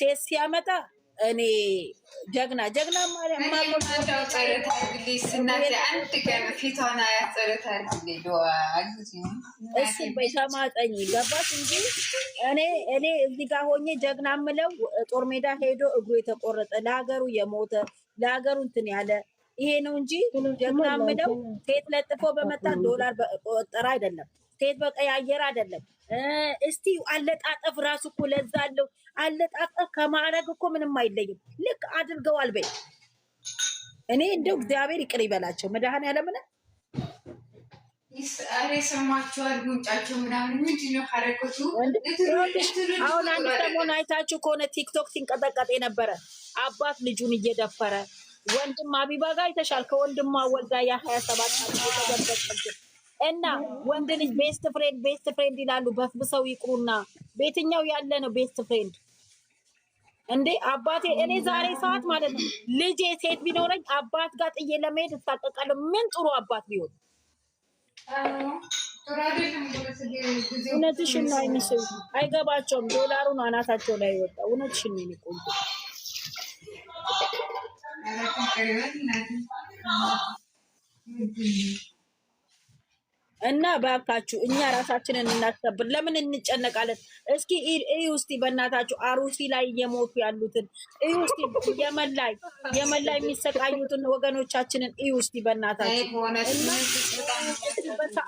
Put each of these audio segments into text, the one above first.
ሴት ሲያመጣ እኔ ጀግና ጀግና እሱን በሰማጠኝ ገባሽ እንጂ እኔ እኔ እዚህ ጋር ሆኜ ጀግና ምለው ጦር ሜዳ ሄዶ እግሩ የተቆረጠ ለሀገሩ የሞተ ለሀገሩ እንትን ያለ ይሄ ነው እንጂ ጀግና ምለው ሴት ለጥፎ በመጣት ዶላር ቆጠረ አይደለም። ሴት በቀያየር አይደለም። እስቲ አለጣጠፍ ራሱ እኮ ለዛ አለው። አለጣጠፍ ከማዕረግ እኮ ምንም አይለይም። ልክ አድርገዋል በይ። እኔ እንደው እግዚአብሔር ይቅር ይበላቸው መድሃን ኧረ ሰማችኋል። አሁን አንድ ሰሞን አይታችሁ ከሆነ ቲክቶክ ሲንቀጠቀጥ የነበረ አባት ልጁን እየደፈረ ወንድም አቢባ ጋር አይተሻል። ከወንድሟ ወልዳ ያ ሀያ ሰባት እና ወንድ ልጅ ቤስት ፍሬንድ ቤስት ፍሬንድ ይላሉ። በፍብሰው ይቅሩና ቤትኛው ያለ ነው ቤስት ፍሬንድ እንዴ አባቴ። እኔ ዛሬ ሰዓት ማለት ነው ልጄ ሴት ቢኖረኝ አባት ጋር ጥዬ ለመሄድ እታቀቃለሁ። ምን ጥሩ አባት ቢሆን እውነትሽን ነው። አይንሽ አይገባቸውም። ዶላሩን አናታቸው ላይ ወጣ። እውነትሽን ነው። ቆንጆ እና ባካችሁ እኛ ራሳችንን እናስከብር። ለምን እንጨነቃለን? እስኪ እዩ ውስጥ በእናታችሁ አሩሲ ላይ እየሞቱ ያሉትን እዩ ውስጥ የመላይ የመላይ የሚሰቃዩትን ወገኖቻችንን እዩ ውስጥ በእናታችሁ።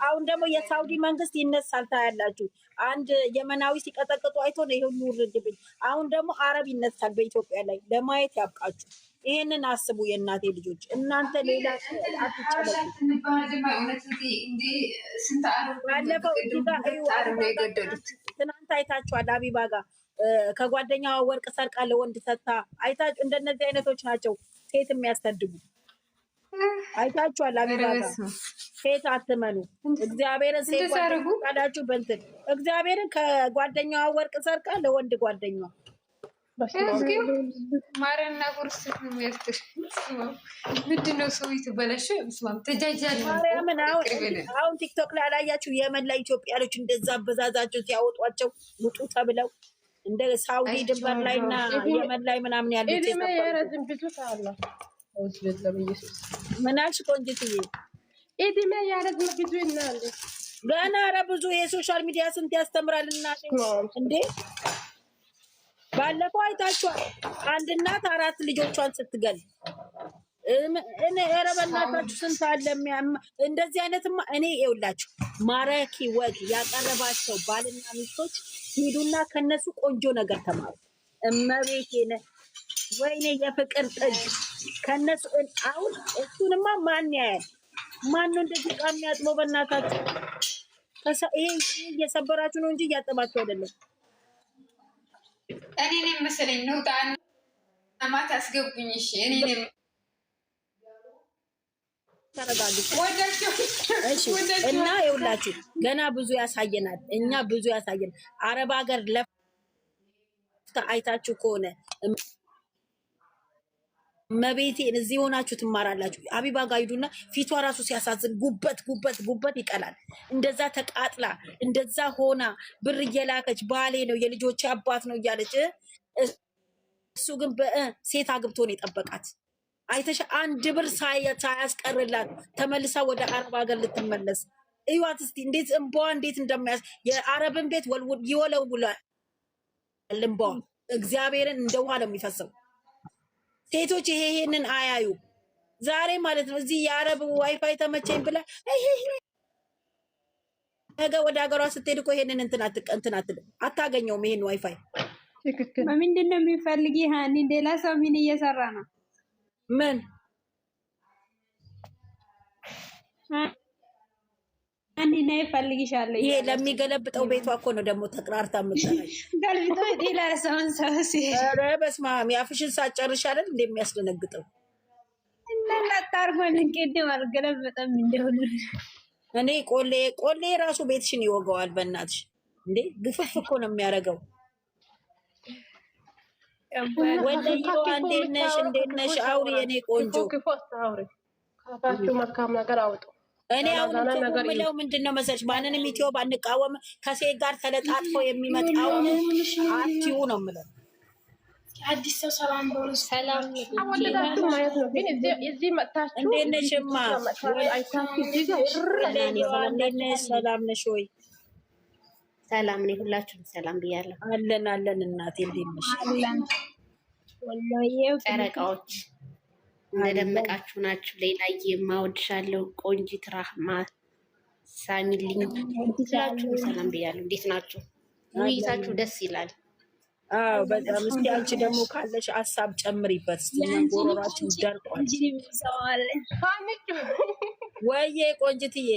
አሁን ደግሞ የሳውዲ መንግስት ይነሳል ታያላችሁ። አንድ የመናዊ ሲቀጠቅጡ አይቶ ነው ይሄ ውርድብኝ። አሁን ደግሞ አረብ ይነሳል በኢትዮጵያ ላይ ለማየት ያብቃችሁ። ይህንን አስቡ የእናቴ ልጆች፣ እናንተ ሌላ ትናንት አይታችኋል። አቢባ ጋር ከጓደኛዋ ወርቅ ሰርቃ ለወንድ ሰታ አይታ እንደነዚህ አይነቶች ናቸው ሴት የሚያሰድቡ አይታችኋል። አቢባ ጋር ሴት አትመኑ። እግዚአብሔርን ሴት ጓደኛ ቃላችሁ እግዚአብሔርን ከጓደኛዋ ወርቅ ሰርቃ ለወንድ ጓደኛዋ ማረና ቁርስ የሚያስጥር ምንድን ነው? ሰው የተበላሸ ስማም ተጃጃል። አሁን ቲክቶክ ላይ አላያችሁ? የመላ ኢትዮጵያኖች እንደዛ አበዛዛቸው ሲያወጧቸው ውጡ ተብለው እንደ ሳውዲ ድንበር ላይ እና የመን ላይ ምናምን ያሉት ቆንጅትዬ? ኢድሜ ያረዝም ብዙ እናለ ገና ኧረ ብዙ የሶሻል ሚዲያ ስንት ያስተምራል እና እንዴ ባለፈው አይታችኋል። አንድ እናት አራት ልጆቿን ስትገል እኔ ኧረ በእናታችሁ ስንት አለ እንደዚህ አይነትማ። እኔ ይኸውላችሁ ማራኪ ወግ ያቀረባቸው ባልና ሚስቶች ሂዱና ከነሱ ቆንጆ ነገር ተማሩ። እመቤቴን ወይኔ የፍቅር ጥግ ከነሱ አሁን እሱንማ ማን ያያል? ማን ነው እንደዚህ ዕቃ የሚያጥበው? በእናታችሁ ይሄ እየሰበራችሁ ነው እንጂ እያጠባችሁ አይደለም። እኔ እኔም መሰለኝ ነውጣ ማታ አስገቡኝ። እሺ እኔ እኔም እና ይኸውላችሁ ገና ብዙ ያሳየናል። እኛ ብዙ ያሳየናል። አረብ ሀገር ለፍታ አይታችሁ ከሆነ መቤቴን እዚህ የሆናችሁ ትማራላችሁ። አቢባ ጋር ሂዱና ፊቷ ራሱ ሲያሳዝን ጉበት ጉበት ጉበት ይቀላል። እንደዛ ተቃጥላ እንደዛ ሆና ብር እየላከች ባሌ ነው የልጆች አባት ነው እያለች እሱ ግን በሴት አግብቶ ነው የጠበቃት። አይተሽ አንድ ብር ሳያስቀርላት ተመልሳ ወደ አረብ ሀገር ልትመለስ እዩዋት እስቲ እንዴት እንባዋ እንዴት እንደሚያስ የአረብን ቤት ይወለውላል እንባዋ እግዚአብሔርን እንደ ውሃ ነው የሚፈሰው። ሴቶች ይሄ ይሄንን አያዩ ዛሬ ማለት ነው። እዚህ የአረብ ዋይፋይ ተመቸኝ ብላ ነገ ወደ ሀገሯ ስትሄድ እኮ ይሄንን እንትን አትልም፣ አታገኘውም። ይሄን ዋይፋይ ምንድን ነው የሚፈልግ? ይህን ሌላ ሰው ምን እየሰራ ነው? ምን አንድ ና ይፈልግሻለ። ይሄ ለሚገለብጠው ቤቷ እኮ ነው ደግሞ ተቅራርታ ምገልብጦ ሌላ ሰውን ሰው ሲረ በስመ አብ ያፍሽን ሳጨርሻለን እንደሚያስደነግጠው እናናጣርጎን ቅድም አልገለበጠም እንደሁሉ እኔ ቆሌ ቆሌ ራሱ ቤትሽን ይወገዋል። በእናትሽ እንዴ ግፍፍ እኮ ነው የሚያደርገው። ወለየዋ እንዴት ነሽ? እንዴት ነሽ? አውሪ የኔ ቆንጆ ክፎ አውሪ ካፋችሁ መልካም ነገር አውጡ እኔ አሁን ምለው ምንድን ነው መሰለሽ፣ ማንንም ኢትዮ ባንቃወም ከሴት ጋር ተለጣጥፎ የሚመጣው አትዩ ነው ምለው። አዲስ ሰው ሰላም በሉ። ሰላም ሰላም ነሽ ወይ? ሰላም ነኝ። ሁላችሁም ሰላም ብያለሁ። አለን አለን። እናቴ እንዴት ነሽ? ጨረቃዎች እንደደመቃችሁ ናችሁ። ሌላ የማወድሻለሁ ቆንጂት ራህማ ሳሚልኝ ስላችሁ ሰላም ብያለሁ። እንዴት ናችሁ? ውይይታችሁ ደስ ይላል። አዎ በጣም እስኪ አንቺ ደግሞ ካለሽ ሀሳብ ጨምሪበት። ጎሮራችን ደርቋል። ወይዬ ቆንጅትዬ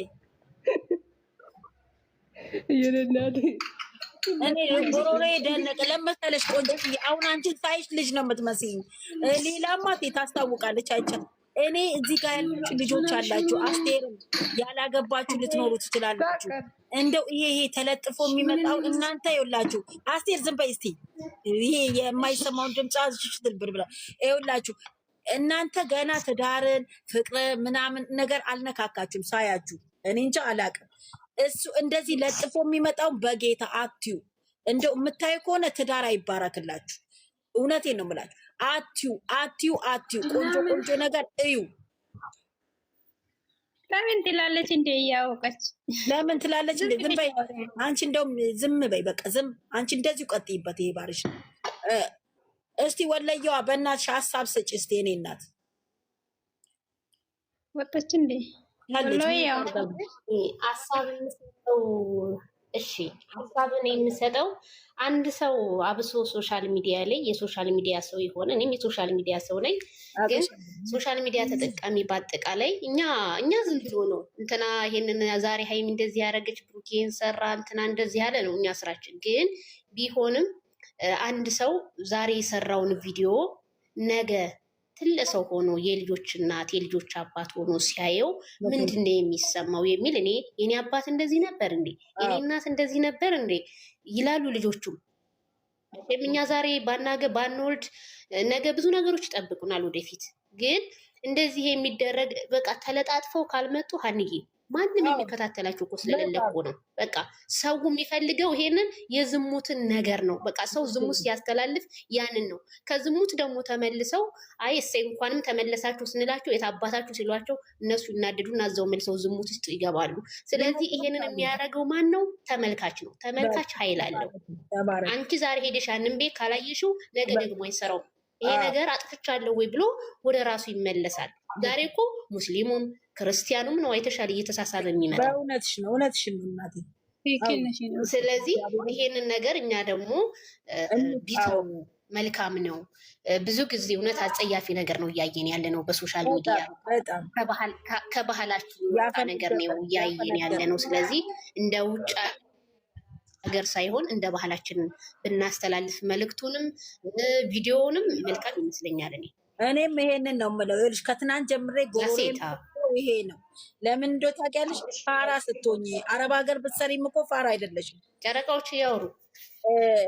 እኔ ጎሮሬ ደነቀ። ለመሰለሽ ቆንጆ፣ አሁን አንቺን ሳይሽ ልጅ ነው የምትመስይኝ። ሌላማ ታስታውቃለች እኔ እዚህ ጋር ያላችሁ ልጆች አላችሁ፣ አስቴርም ያላገባችሁ ልትኖሩ ትችላላችሁ። እንደው ይሄ ይሄ ተለጥፎ የሚመጣው እናንተ አስቴር ዝም በይ እስቲ፣ ይሄ የማይሰማውን ድምፅ ብር ብላ ይውላችሁ። እናንተ ገና ትዳርን ፍቅር ምናምን ነገር አልነካካችሁም ሳያችሁ እኔ እንጃ አላቅም። እሱ እንደዚህ ለጥፎ የሚመጣውን በጌታ አትዩ። እንደው የምታዩ ከሆነ ትዳር አይባረክላችሁ። እውነቴን ነው የምላችሁ። አትዩ፣ አትዩ፣ አትዩ። ቆንጆ ቆንጆ ነገር እዩ። ለምን ትላለች እንደ እያወቀች ለምን ትላለች እንደ ዝም በይ አንቺ፣ እንደውም ዝም በይ በቃ ዝም አንቺ። እንደዚሁ ቀጥይበት። ይሄ ባልሽ እስቲ ወለየዋ በእናትሽ ሀሳብ ስጭ እስቲ። እኔ እናት ወጣች እንዴ? እሺ ሀሳብን የምሰጠው አንድ ሰው አብሶ ሶሻል ሚዲያ ላይ የሶሻል ሚዲያ ሰው የሆነ እኔም የሶሻል ሚዲያ ሰው ነኝ። ግን ሶሻል ሚዲያ ተጠቃሚ በአጠቃላይ እኛ እኛ ዝም ብሎ ነው እንትና ይሄንን ዛሬ ሀይሚ እንደዚህ ያደረገች ብሩኬን ሰራ እንትና እንደዚህ ያለ ነው እኛ ስራችን። ግን ቢሆንም አንድ ሰው ዛሬ የሰራውን ቪዲዮ ነገ ትልቅ ሰው ሆኖ የልጆች እናት የልጆች አባት ሆኖ ሲያየው ምንድን ነው የሚሰማው የሚል እኔ የኔ አባት እንደዚህ ነበር እንዴ የኔ እናት እንደዚህ ነበር እንዴ ይላሉ ልጆቹም። እኛ ዛሬ ባናገ ባንወልድ ነገ ብዙ ነገሮች ይጠብቁናል። ወደፊት ግን እንደዚህ የሚደረግ በቃ ተለጣጥፈው ካልመጡ ሀንዬ ማንም የሚከታተላቸው እኮ ስለሌለ እኮ ነው። በቃ ሰው የሚፈልገው ይሄንን የዝሙትን ነገር ነው። በቃ ሰው ዝሙት ሲያስተላልፍ ያንን ነው። ከዝሙት ደግሞ ተመልሰው አይ እሰይ እንኳንም ተመለሳችሁ ስንላቸው የታባታችሁ ሲሏቸው እነሱ ይናደዱ ይናደዱና እዛው መልሰው ዝሙት ውስጥ ይገባሉ። ስለዚህ ይሄንን የሚያደርገው ማን ነው? ተመልካች ነው። ተመልካች ኃይል አለው። አንቺ ዛሬ ሄደሽ ያንን ቤት ካላየሽው ነገ ደግሞ አይሰራውም። ይሄ ነገር አጥፍቻለሁ ወይ ብሎ ወደ ራሱ ይመለሳል። ዛሬ እኮ ሙስሊሙም ክርስቲያኑም ነው የተሻለ እየተሳሳለ የሚመጣ እውነትሽ ነው፣ እውነትሽን ነው እናቴ። ስለዚህ ይሄንን ነገር እኛ ደግሞ ቢተው መልካም ነው። ብዙ ጊዜ እውነት አጸያፊ ነገር ነው እያየን ያለ ነው በሶሻል ሚዲያ ከባህላችን የወጣ ነገር ነው እያየን ያለ ነው። ስለዚህ እንደ ውጭ ሀገር ሳይሆን እንደ ባህላችን ብናስተላልፍ መልእክቱንም ቪዲዮውንም መልካም ይመስለኛል እኔ እኔም ይሄንን ነው የምለው። ይኸውልሽ ከትናንት ጀምሬ ጎሮሬ ይሄ ነው። ለምን እንደ ታውቂያለሽ፣ ፋራ ስትሆኝ አረብ ሀገር ብትሰሪም እኮ ፋራ አይደለሽም። ጨረቃዎች እያወሩ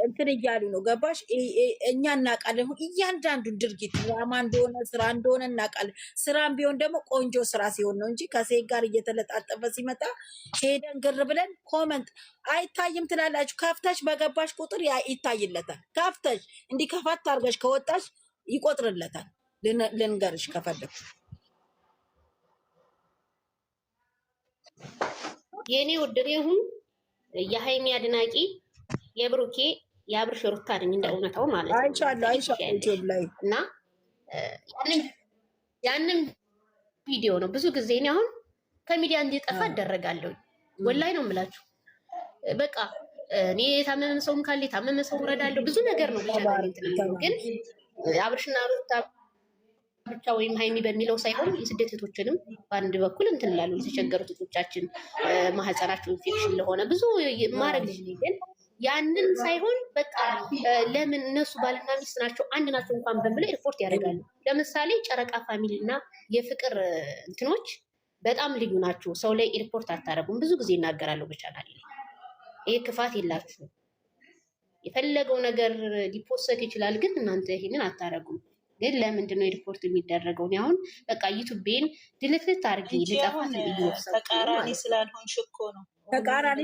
እንትን እያሉ ነው። ገባሽ? እኛ እናውቃለን እያንዳንዱን ድርጊት ድራማ እንደሆነ ስራ እንደሆነ እናውቃለን። ስራም ቢሆን ደግሞ ቆንጆ ስራ ሲሆን ነው እንጂ ከሴት ጋር እየተለጣጠፈ ሲመጣ ሄደን ግር ብለን ኮመንት አይታይም ትላላችሁ። ካፍተሽ በገባሽ ቁጥር ይታይለታል። ካፍተሽ እንዲህ ከፋት አድርገሽ ከወጣሽ ይቆጥርለታል። ልንገርሽ ከፈለግሽ የእኔ ውድሬ ሁን የሀይሚ አድናቂ የብሩኬ የአብርሽ ሩታ ነኝ። እንደ እውነታው ማለት ነው እና ያንም ቪዲዮ ነው ብዙ ጊዜ እኔ አሁን ከሚዲያ እንዲጠፋ አደረጋለሁ ወላይ ነው የምላችሁ። በቃ እኔ የታመመ ሰውም ካለ የታመመ ሰው እረዳለሁ። ብዙ ነገር ነው ብቻ ግን አብርሽና ሩታ ብቻ ወይም ሀይሚ በሚለው ሳይሆን የስደት እህቶችንም በአንድ በኩል እንትን ላሉ የተቸገሩት እህቶቻችን ማህፀናቸው ኢንፌክሽን ለሆነ ብዙ ማድረግ ልጅ ግን ያንን ሳይሆን በቃ ለምን እነሱ ባልና ሚስት ናቸው አንድ ናቸው እንኳን በምለው ሪፖርት ያደርጋሉ። ለምሳሌ ጨረቃ ፋሚሊ እና የፍቅር እንትኖች በጣም ልዩ ናቸው። ሰው ላይ ሪፖርት አታደረጉም። ብዙ ጊዜ ይናገራለሁ በቻናል ይህ ክፋት የላችሁ የፈለገው ነገር ሊፖሰት ይችላል፣ ግን እናንተ ይህንን አታደረጉም። ግን ለምንድን ነው ሪፖርት የሚደረገው? እኔ አሁን በቃ ዩቱቤን ድልትልት አድርጌ ልጠፋት ተቃራኒ ስላልሆንሽ እኮ ነው። ተቃራኒ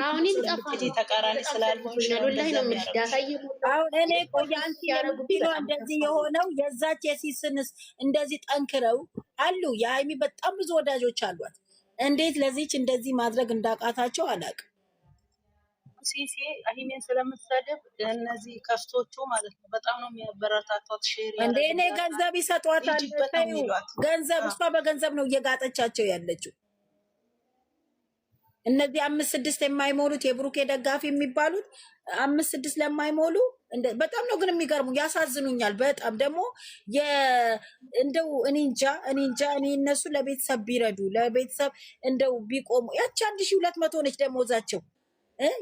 እኔ ቆይ አንቺ የምትለው እንደዚህ የሆነው የዛች የሲስንስ እንደዚህ ጠንክረው አሉ። የሀይሚ በጣም ብዙ ወዳጆች አሏት። እንዴት ለዚች እንደዚህ ማድረግ እንዳቃታቸው አላቅ። ሲሲ እኔን ስለምትሰድብ እነዚህ ከፍቶቹ ማለት ነው በጣም ነው የሚያበረታቷት። ሼር እንደ እኔ ገንዘብ ይሰጧታል። ገንዘብ እሷ በገንዘብ ነው እየጋጠቻቸው ያለችው። እነዚህ አምስት ስድስት የማይሞሉት የብሩኬ ደጋፊ የሚባሉት አምስት ስድስት ለማይሞሉ በጣም ነው ግን የሚገርሙ ያሳዝኑኛል። በጣም ደግሞ እንደው እኔ እንጃ እኔ እንጃ እኔ እነሱ ለቤተሰብ ቢረዱ ለቤተሰብ እንደው ቢቆሙ ያቺ አንድ ሺ ሁለት መቶ ነች ደሞዛቸው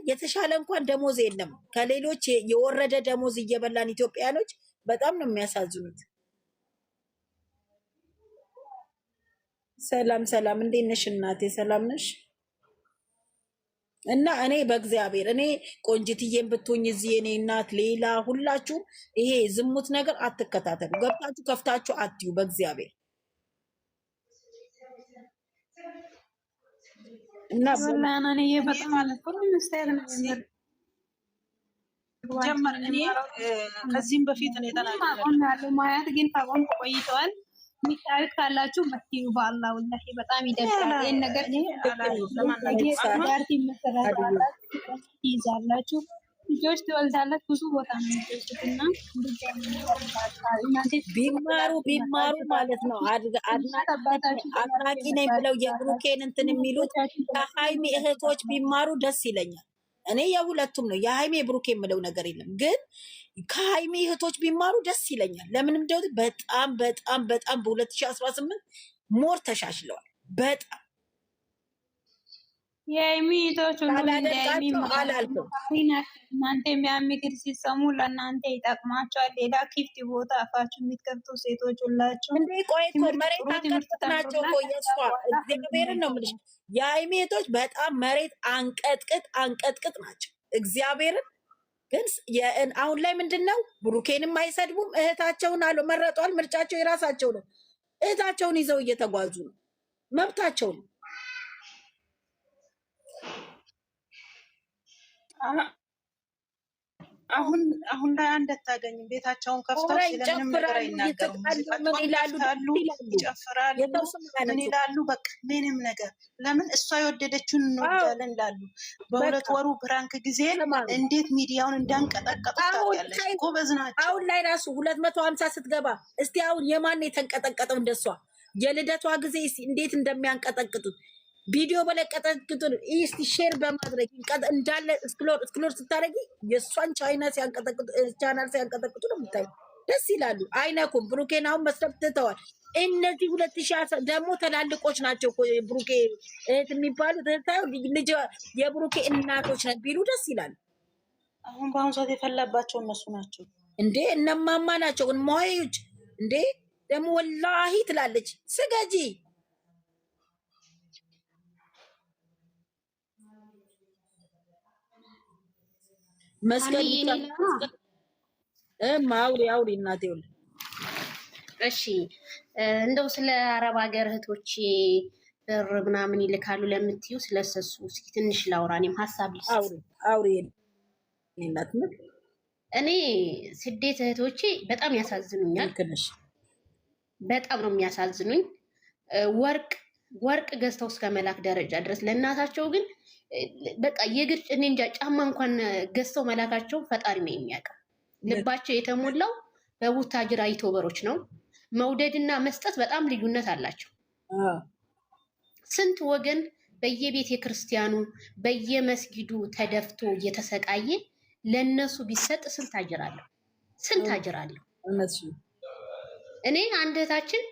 የተሻለ እንኳን ደሞዝ የለም። ከሌሎች የወረደ ደሞዝ እየበላን ኢትዮጵያኖች በጣም ነው የሚያሳዝኑት። ሰላም ሰላም፣ እንዴት ነሽ እናቴ? ሰላም ነሽ? እና እኔ በእግዚአብሔር እኔ ቆንጅትዬን ብትሆኝ እዚህ እኔ እናት ሌላ ሁላችሁም ይሄ ዝሙት ነገር አትከታተሉ። ገብታችሁ ከፍታችሁ አትዩ በእግዚአብሔር እና በጣም ጀመር እኔ ከዚህም በፊት ነው የተናገርኩት። ማያት ግን ታቆም ቆይተዋል። የሚታዩት ካላችሁ መትዩ በአላህ ወላሂ በጣም ይደብራል። ይህን ነገር ይዛላችሁ ልጆች ትወልዳለች። ብዙ ቦታ ነው ቢማሩ ቢማሩ ማለት ነው። አድናቂ ነኝ ብለው የብሩኬን እንትን የሚሉት ከሀይሚ እህቶች ቢማሩ ደስ ይለኛል። እኔ የሁለቱም ነው የሀይሚ የብሩኬ የምለው ነገር የለም፣ ግን ከሀይሚ እህቶች ቢማሩ ደስ ይለኛል። ለምንም ደ በጣም በጣም በጣም በ2018 ሞር ተሻሽለዋል በጣም የሚቶቹ አላልኩም። እናንተ የሚያምክር ሲሰሙ ለእናንተ ይጠቅማቸዋል። ሌላ ክፍት ቦታ አፋችሁ ሴቶች ሁላችሁ እንዴ! ቆይ እኮ መሬት አንቀጥቅጥ ናቸው እኮ የእሷ እግዚአብሔርን ነው የምልሽ። በጣም መሬት አንቀጥቅጥ አንቀጥቅጥ ናቸው እግዚአብሔርን። ግን አሁን ላይ ምንድን ነው ብሩኬንም አይሰድቡም። እህታቸውን መረጧል። ምርጫቸው የራሳቸው ነው። እህታቸውን ይዘው እየተጓዙ ነው። መብታቸው ነው። አሁን አሁን ላይ አንድ አታገኝም። ቤታቸውን ከፍተው ስለምንም ነገር አይናገሩም። ይጨፍራሉ፣ ምን ይላሉ? በቃ ምንም ነገር ለምን እሷ የወደደችውን እንወዳለን ላሉ በሁለት ወሩ ብራንክ ጊዜ እንዴት ሚዲያውን እንዳንቀጠቀጡ ጎበዝ ናቸው። አሁን ላይ ራሱ ሁለት መቶ ሀምሳ ስትገባ እስቲ አሁን የማን የተንቀጠቀጠው እንደሷ የልደቷ ጊዜ እንዴት እንደሚያንቀጠቅጡት ቪዲዮ በለቀጠ ኢስት ሼር በማድረግ እንዳለ ስክሎር ስክሎር ስታደረጊ የእሷን ቻይና ቻናል ሲያንቀጠቅጡ ነው የምታይ። ደስ ይላሉ። አይነኩም። ብሩኬን አሁን መስረብ ትተዋል። እነዚህ ሁለት ሺ ደግሞ ትላልቆች ናቸው። ብሩኬ እህት የሚባሉት ልጅ የብሩኬ እናቶች ነን ቢሉ ደስ ይላሉ። አሁን በአሁኑ ሰዓት የፈላባቸው እነሱ ናቸው እንዴ? እነማማ ናቸው ሞዎች እንዴ? ደግሞ ወላሂ ትላለች ስገጂ መስቀል አውሪ አውሪ እናቴ እሺ። እንደው ስለ አረብ ሀገር እህቶቼ ብር ምናምን ይልካሉ ለምትዩ ስለሰሱ እስኪ ትንሽ ላውራ፣ እኔም ሀሳብ እኔ ስደት እህቶቼ በጣም ያሳዝኑኛል። በጣም ነው የሚያሳዝኑኝ። ወርቅ ወርቅ ገዝተው እስከ መላክ ደረጃ ድረስ ለእናታቸው ግን በቃ የግር እኔ እንጃ ጫማ እንኳን ገዝተው መላካቸው ፈጣሪ ነው የሚያውቀው። ልባቸው የተሞላው በቡታጅራ ይቶበሮች ነው። መውደድና መስጠት በጣም ልዩነት አላቸው። ስንት ወገን በየቤተ ክርስቲያኑ በየመስጊዱ ተደፍቶ እየተሰቃየ ለእነሱ ቢሰጥ ስንት አጅራለሁ፣ ስንት አጅራለሁ። እኔ አንድ እህታችን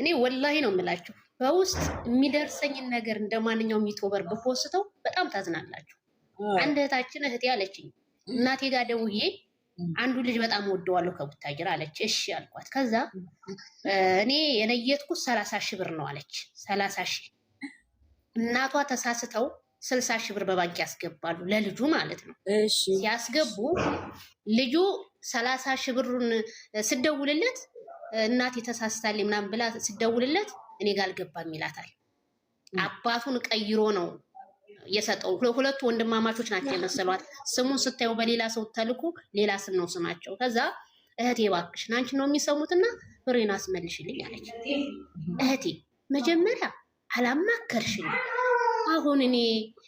እኔ ወላሂ ነው የምላችሁ በውስጥ የሚደርሰኝን ነገር እንደ ማንኛውም ዩቲዩበር በፖስተው በጣም ታዝናላችሁ። አንድ እህታችን እህቴ አለችኝ እናቴ ጋር ደውዬ አንዱ ልጅ በጣም ወደዋለሁ ከቡታጅር አለች። እሺ አልኳት። ከዛ እኔ የለየትኩት ሰላሳ ሺህ ብር ነው አለች። ሰላሳ ሺህ እናቷ ተሳስተው ስልሳ ሺህ ብር በባንክ ያስገባሉ ለልጁ ማለት ነው። ሲያስገቡ ልጁ ሰላሳ ሺህ ብሩን ስደውልለት እናቴ ተሳስታልኝ ምናምን ብላ ስደውልለት እኔ ጋር አልገባም ይላታል። አባቱን ቀይሮ ነው የሰጠው። ሁለቱ ወንድማማቾች ናቸው የመሰሏት። ስሙን ስታየው በሌላ ሰው ተልኮ ሌላ ስም ነው ስማቸው። ከዛ እህቴ እባክሽን አንቺን ነው የሚሰሙትና ብሬን አስመልሽልኝ አለች። እህቴ መጀመሪያ አላማከርሽልኝ አሁን እኔ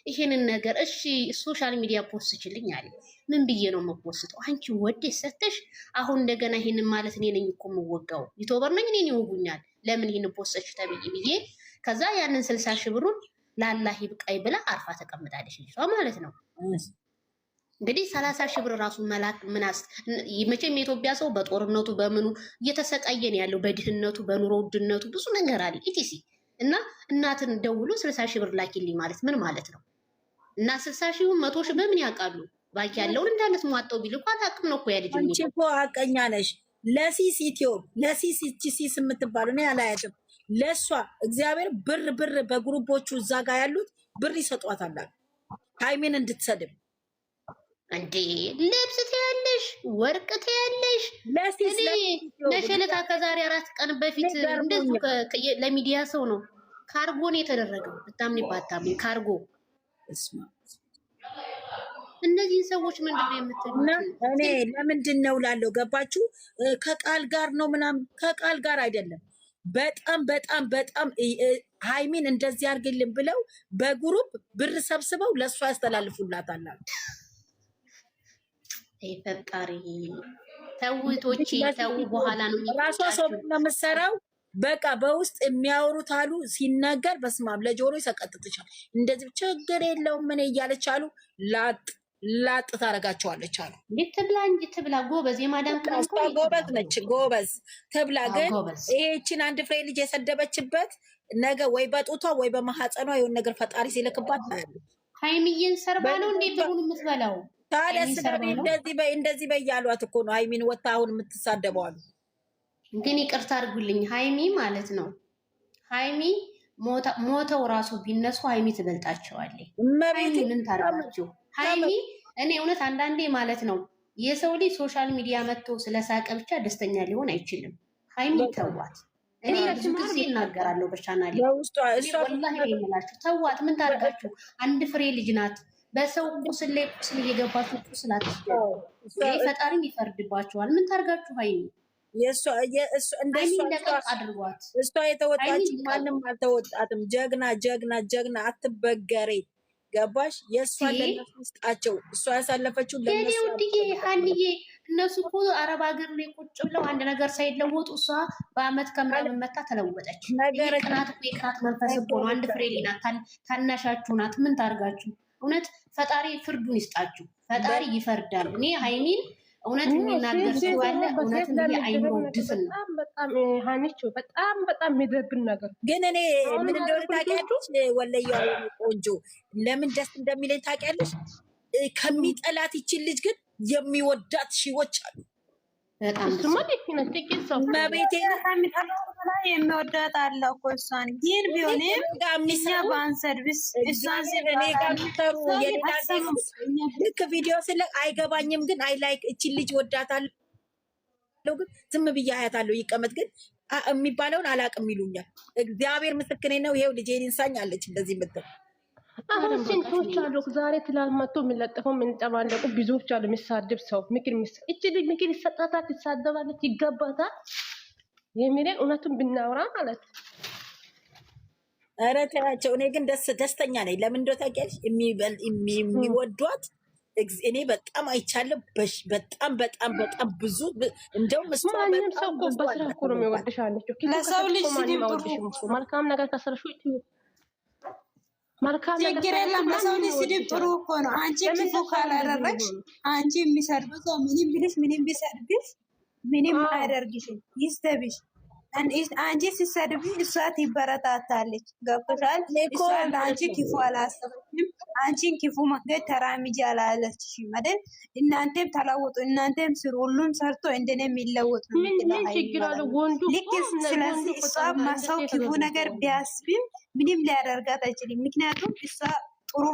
ይሄንን ነገር እሺ ሶሻል ሚዲያ ፖስት ችልኝ አለ። ምን ብዬ ነው የምፖስተው? አንቺ ወዴ ሰተሽ አሁን እንደገና ይሄንን ማለት እኔ ነኝ እኮ የምወጋው ዩቲዩበር ነኝ እኔን ይወጉኛል። ለምን ይሄን ፖስተሽ ተብዬ ብዬ ከዛ ያንን ስልሳ ሺህ ብሩን ላላህ ብላ አርፋ ተቀምጣለች ልጅቷ ማለት ነው። እንግዲህ ሰላሳ ሺህ ብር ራሱ መላክ ምናስ መቼም የኢትዮጵያ ሰው በጦርነቱ በምኑ እየተሰቃየን ያለው በድህነቱ በኑሮ ውድነቱ ብዙ ነገር አለ ኢቲሲ እና እናትን ደውሎ ስልሳ ሺህ ብር ላኪልኝ ማለት ምን ማለት ነው? እና ስልሳ ሺሁን መቶ ሺ በምን ያውቃሉ? ባንክ ያለውን እንዳነት ሟጠው ቢል እኳ ታቅም ነው እኮ ያልጅ አንቺ እኮ አቀኛ ነሽ። ለሲስ ኢትዮ ለሲስ ሲስ የምትባሉ ነው ያላያትም ለእሷ እግዚአብሔር ብር ብር በግሩቦቹ እዛ ጋር ያሉት ብር ይሰጧታላል ሃይሜን እንድትሰድብ እንዴ ልብስ ትያለሽ፣ ወርቅ ትያለሽ። ለሸለታ ከዛሬ አራት ቀን በፊት እንደዚህ ለሚዲያ ሰው ነው ካርጎን የተደረገው። በጣም ባታሚ ካርጎ እነዚህ ሰዎች ምንድን ነው እኔ ለምንድን ነው ላለው ገባችሁ? ከቃል ጋር ነው ምናምን፣ ከቃል ጋር አይደለም። በጣም በጣም በጣም ሀይሚን እንደዚህ አድርግልን ብለው በግሩፕ ብር ሰብስበው ለእሷ ያስተላልፉላታል። ፈጣሪ ተውቶቼ ተው። በኋላ ነው ራሷ ሰው የምትሰራው በቃ በውስጥ የሚያወሩት አሉ ሲናገር በስማም ለጆሮ ይሰቀጥጥሻል። እንደዚህ ችግር የለውም ምን እያለች አሉ ላጥ ላጥ ታደርጋቸዋለች አሉ። ትብላ እንጂ ትብላ። ጎበዝ የማዳም ጎበዝ ነች፣ ጎበዝ ትብላ። ግን ይሄችን አንድ ፍሬ ልጅ የሰደበችበት ነገ ወይ በጡቷ ወይ በማሐፀኗ የሆን ነገር ፈጣሪ ሲልክባት ታያለች። ሀይሚዬን ሰርባ ነው እንዴ ብሩን የምትበላው ታዲያ? እንደዚህ በይ እንደዚህ በይ ያሏት እኮ ነው ሀይሚን ወታ አሁን የምትሳደበዋሉ ግን ይቅርታ አድርጉልኝ ሀይሚ ማለት ነው ሀይሚ ሞተው ራሱ ቢነሱ ሀይሚ ትበልጣቸዋለች። ሀይሚ ምን ታደርጋቸው? ሀይሚ እኔ እውነት አንዳንዴ ማለት ነው የሰው ልጅ ሶሻል ሚዲያ መጥቶ ስለሳቀ ብቻ ደስተኛ ሊሆን አይችልም። ሀይሚ ተዋት። እኔ ብዙ ጊዜ እናገራለሁ በቻናሌ ወላሂ የምላችሁ ተዋት። ምን ታደርጋችሁ? አንድ ፍሬ ልጅ ናት። በሰው ቁስል ላይ ቁስል እየገባችሁ ቁስላት ፈጣሪም ይፈርድባችኋል። ምን ታደርጋችሁ ሀይሚ እሷ የተወጣች ማንም አልተወጣትም። ጀግና ጀግና ጀግና አትበገሬ ገባሽ? የእሷ ለነሱ እሷ ያሳለፈችው ለእኔ ውድዬ ሀንዬ እነሱ እኮ አረብ ሀገር ላይ ቁጭ ብለው አንድ ነገር ሳይለወጡ እሷ በአመት ከምናምን መታ ተለወጠች። ቅናት እኮ የቅናት መንፈስ እኮ ነው። አንድ ፍሬ ናት፣ ታናሻችሁ ናት። ምን ታርጋችሁ? እውነት ፈጣሪ ፍርዱን ይስጣችሁ። ፈጣሪ ይፈርዳል። እኔ ሀይሚን እውነት የሚናገር ሰው አለ። እውነት አይኖ ድፍን ነው። በጣም በጣም የሚደብን ነገር ግን እኔ ምን እንደሆነ ታውቂያለሽ? ወለያው ቆንጆ ለምን ደስ እንደሚለኝ ታውቂያለሽ? ከሚጠላት ይችን ልጅ ግን የሚወዳት ሺዎች አሉ። በጣም ጥቂት ሰው መቤቴ የሚወዳት አለ እኮ እሷን። ግን ቢሆንም እኛ በአን ሰርቪስ እሷን ልክ ቪዲዮ ስለ አይገባኝም፣ ግን አይ ላይክ እችን ልጅ ወዳታለሁ፣ ግን ዝም ብዬ አያታለሁ። ይቀመጥ ግን የሚባለውን አላቅም ይሉኛል። እግዚአብሔር ምስክሬ ነው። ይሄው ልጄን እንሳኝ አለች እንደዚህ ምትል አሁን ስንቶች አሉ ዛሬ ትላንት መጥቶ የሚለጠፈው የምንጠባለቁ ብዙዎች አሉ። የሚሳድብ ሰው ምክር ምክር ይሰጣታል፣ ትሳደባለች፣ ይገባታል የሚለን እውነቱን ብናውራ ማለት ኧረ ተያቸው። እኔ ግን ደስ ደስተኛ ነኝ። ለምን እንደው ታውቂያለሽ የሚወዷት እኔ በጣም አይቻለሁ። በጣም በጣም በጣም ብዙ እንደውም ማንም ሰው እኮ በስራ እኮ ነው የሚወድሽ አለችው። ለሰው ልጅ መልካም ነገር ከሰርሹ መልካም ችግር የለም። ለሰው ልጅ ስድብ ጥሩ እኮ ነው። አንቺ ክፉ ካላደረግሽ አንቺ የሚሰርብ ሰው ምንም ቢልሽ ምንም ቢሰርብሽ ምንም አያደርግሽም። ይስተብሽ አንቺ ሲሰድብ እሷ ትበረታታለች። ገብቶሻል? እሷ ለአንቺ ክፉ አላሰበችም። አንቺን ክፉ መንገድ ተራምጂ አላለችሽም አይደል? እናንተም ተለውጡ፣ እናንተም ስሩ። ሁሉም ሰርቶ እንደኔ የሚለወጥ ልክ ስለዚህ እሷ ማሰው ክፉ ነገር ቢያስብም ምንም ሊያደርጋት አይችልም። ምክንያቱም እሷ ጥሩ